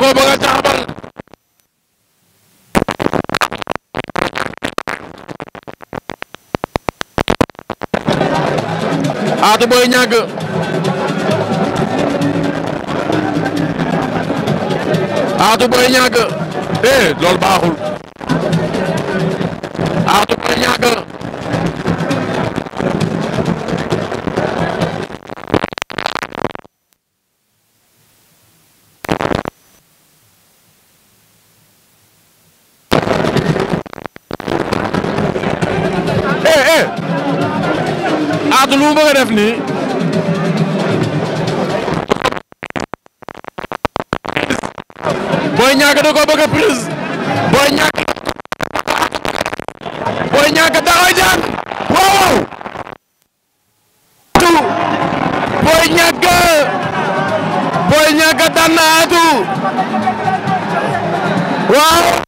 da koo bëgg a jaxabal Atou Boy Niang Atou Boy Niang eh loolu baaxul Fatou lu mu def nii. Boy Niang da ko prise. Boy Niang. Boy Niang da koy jaan. waaw. Boy Niang. Boy Niang daan na